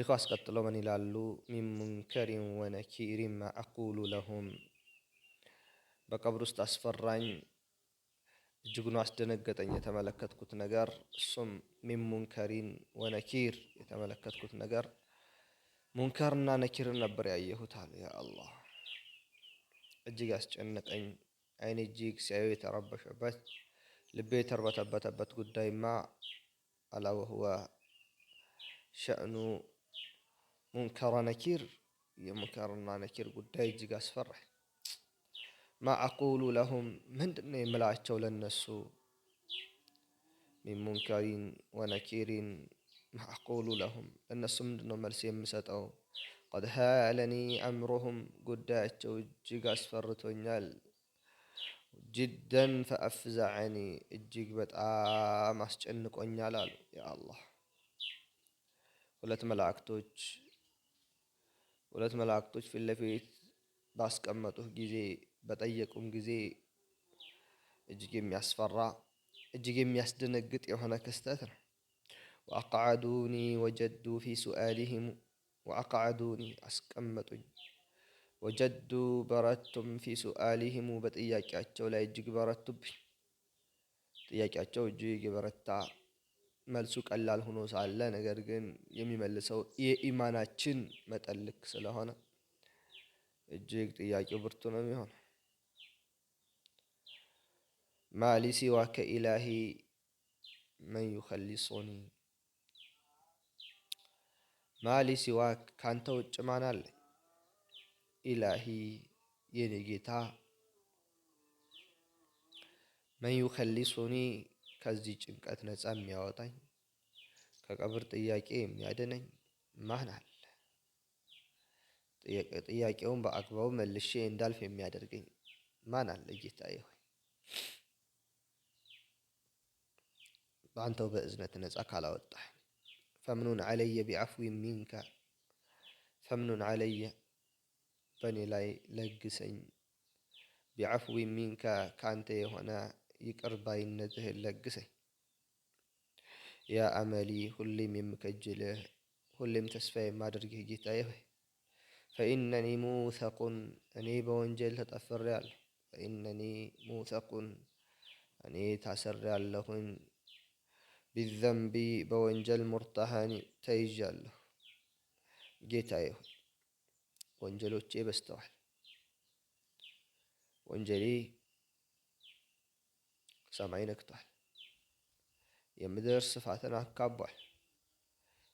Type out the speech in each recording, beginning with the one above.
ሼኹ አስቀጥለው ምን ይላሉ? ሚን ሙንከሪን ወነኪሪን ማ አቁሉ ለሁም በቀብር ውስጥ አስፈራኝ እጅጉን አስደነገጠኝ የተመለከትኩት ነገር እሱም ሚን ሙንከሪን ወነኪር የተመለከትኩት ነገር ሙንከርና ነኪርን ነበር ያየሁት አሉ። ያ አላህ እጅግ ያስጨነቀኝ አይኔ እጅግ ሲያዩ የተረበሸበት ልቤ የተርበተበተበት ጉዳይማ አላ ወሁወ ሸእኑ ሙንከራ ነኪር የሙንከርና ነኪር ጉዳይ እጅግ አስፈራል። ማ አቁሉ ለሁም ምንድን ነው የምላቸው ለነሱ ሚን ሙንከሪን ወነኪሪን ማ አቁሉ ለሁም ለነሱ ምንድን ነው መልስ የምሰጠው? ቀድ ሃለኒ አምሩሁም ጉዳያቸው እጅግ አስፈርቶኛል። ጅደን ፈአፍዛዐኒ እጅግ በጣም አስጨንቆኛል አሉ። ያ አላህ ሁለት መላእክቶች ሁለት መላእክቶች ፊት ለፊት ባስቀመጡህ ጊዜ በጠየቁም ጊዜ እጅግ የሚያስፈራ እጅግ የሚያስደነግጥ የሆነ ክስተት ነው። ወአቃዓዱኒ ወጀዱ ፊ ሱአሊሂም ወአቃዓዱኒ አስቀመጡኝ። ወጀዱ በረቱም ፊ ሱአሊሂሙ በጥያቄያቸው ላይ እጅግ በረቱብኝ። ጥያቄያቸው እጅግ የበረታ መልሱ ቀላል ሆኖ ሳለ ነገር ግን የሚመልሰው የኢማናችን መጠን ልክ ስለሆነ እጅግ ጥያቄው ብርቱ ነው የሚሆነው። ማሊ ሲዋከ ኢላሂ መን ዩኸሊሶኒ፣ ማሊ ሲዋክ ካንተ ውጭ ማን አለ? ኢላሂ የኔ ጌታ መን ዩኸሊሶኒ ከዚህ ጭንቀት ነፃ የሚያወጣኝ ከቀብር ጥያቄ የሚያድነኝ ማን አለ? ጥያቄውን በአግባቡ መልሼ እንዳልፍ የሚያደርገኝ ማን አለ? ጌታዬ ሆይ በአንተው በእዝነት ነፃ ካላወጣህ ፈምኑን አለየ ቢዐፍዊ ሚንከ ፈምኑን አለየ በእኔ ላይ ለግሰኝ ቢዐፍዊ ሚንከ ከአንተ የሆነ ይቅር ባይነትህን ለግሰኝ። ያ አመሊ ሁሌም የምከጅልህ ሁሌም ተስፋ የማደርግህ ጌታዬ ሆይ ፈኢነኒ ሙሰቁን እኔ በወንጀል ተጠፍሬአለሁ። ፈኢነኒ ሙሰቁን እኔ ታስሬአለሁኝ። ቢዘንቢ በወንጀል ሙርታሃኒ ተይዣለሁ። ጌታዬ ሆይ ወንጀሎቼ በዝተዋል። ወንጀሌ ሰማይ ነክቷል። የምድር ስፋትን አካቧል።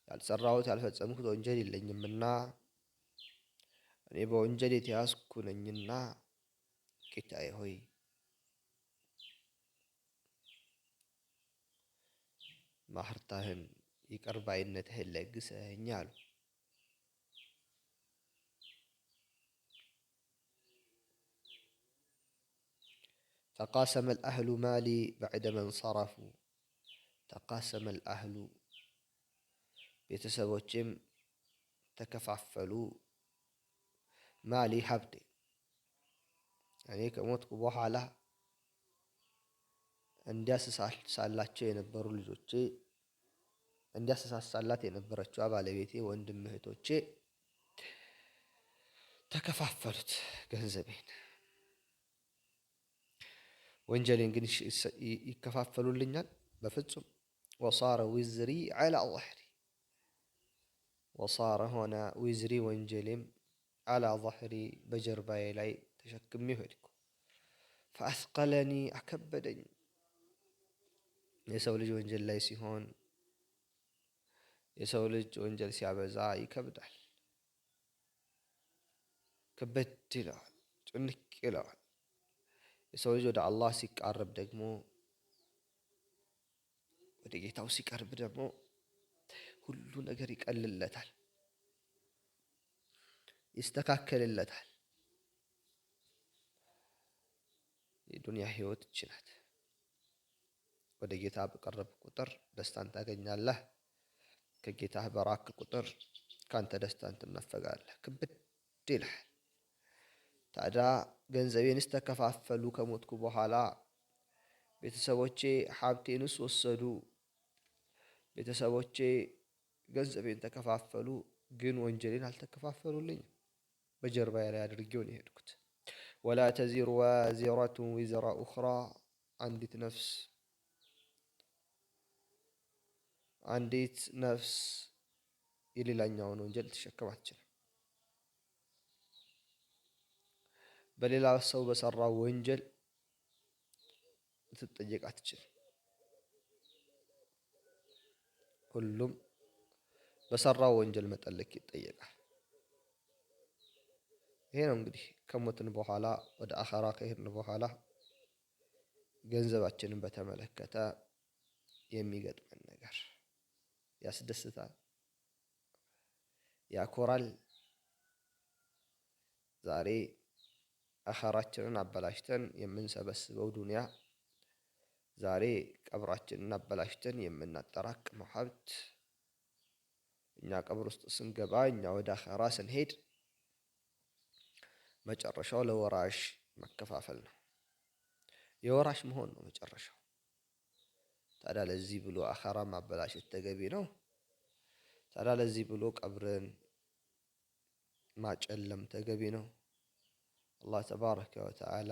ያልሰራሁት ያልፈጸምኩት ወንጀል የለኝምና እኔ በወንጀል የተያዝኩ ነኝና ጌታዬ ሆይ ማህርታህን ይቅር ባይነትህን ለግሰኝ አሉ። ተቃሰመ ልአህሉ ማሊ በዕደ መንሰረፉ ተቃሰመ ልአህሉ ቤተሰቦችም ተከፋፈሉ። ማሊ ሀብቴ እኔ ከሞትኩ በኋላ እንዲያስሳላቸው የነበሩ ልጆቼ እንዲያስሳላት የነበረችዋ ባለቤቴ፣ ወንድም እህቶቼ ተከፋፈሉት ገንዘቤን። ወንጀሌን ግን ይከፋፈሉልኛል? በፍጹም። ወሳረ ዊዝሪ ዐላ ظህሪ ወሳረ ሆነ ዊዝሪ ወንጀሌም አላ ዛህሪ በጀርባዬ ላይ ተሸክሜ ሄድኩ። ፈአስቀለኒ አከበደኝ። የሰው ልጅ ወንጀል ላይ ሲሆን የሰው ልጅ ወንጀል ሲያበዛ ይከብዳል፣ ክብድ ይለዋል፣ ጭንቅ ይለዋል። የሰው ልጅ ወደ አላህ ሲቃረብ ደግሞ ወደ ጌታው ሲቀርብ ደግሞ ሁሉ ነገር ይቀልለታል፣ ይስተካከልለታል። የዱንያ ህይወት ይችላል። ወደ ጌታ በቀረብ ቁጥር ደስታን ታገኛለህ። ከጌታ በራክ ቁጥር ከአንተ ደስታን ትነፈጋለህ፣ ክብድ ይልሃል ታዳ ገንዘቤንስ ተከፋፈሉ። ከሞትኩ በኋላ ቤተሰቦቼ ሀብቴንስ ወሰዱ። ቤተሰቦቼ ገንዘቤን ተከፋፈሉ፣ ግን ወንጀሌን አልተከፋፈሉልኝም። በጀርባዬ ላይ አድርጌውን የሄድኩት። ወላ ተዚሩ ዋዚረቱን ዊዘራ ኡኽራ አንዲት ነፍስ አንዲት ነፍስ የሌላኛውን ወንጀል ትሸከም በሌላ ሰው በሰራው ወንጀል ልትጠየቅ አትችል። ሁሉም በሰራው ወንጀል መጠለቅ ይጠየቃል። ይሄ ነው እንግዲህ ከሞትን በኋላ ወደ አኸራ ከሄድን በኋላ ገንዘባችንን በተመለከተ የሚገጥመን ነገር ያስደስታል፣ ያኮራል። ዛሬ አኸራችንን አበላሽተን የምንሰበስበው ዱንያ ዛሬ ቀብራችንን አበላሽተን የምናጠራቅመው ሀብት እኛ ቀብር ውስጥ ስንገባ እኛ ወደ አኸራ ስንሄድ መጨረሻው ለወራሽ መከፋፈል ነው። የወራሽ መሆን ነው መጨረሻው። ታዲያ ለዚህ ብሎ አኸራ ማበላሸት ተገቢ ነው? ታዲያ ለዚህ ብሎ ቀብርን ማጨለም ተገቢ ነው? አላህ ተባረከ ወተዓላ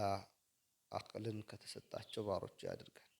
አቅልን ከተሰጣቸው ባሮቹ ያድርገን።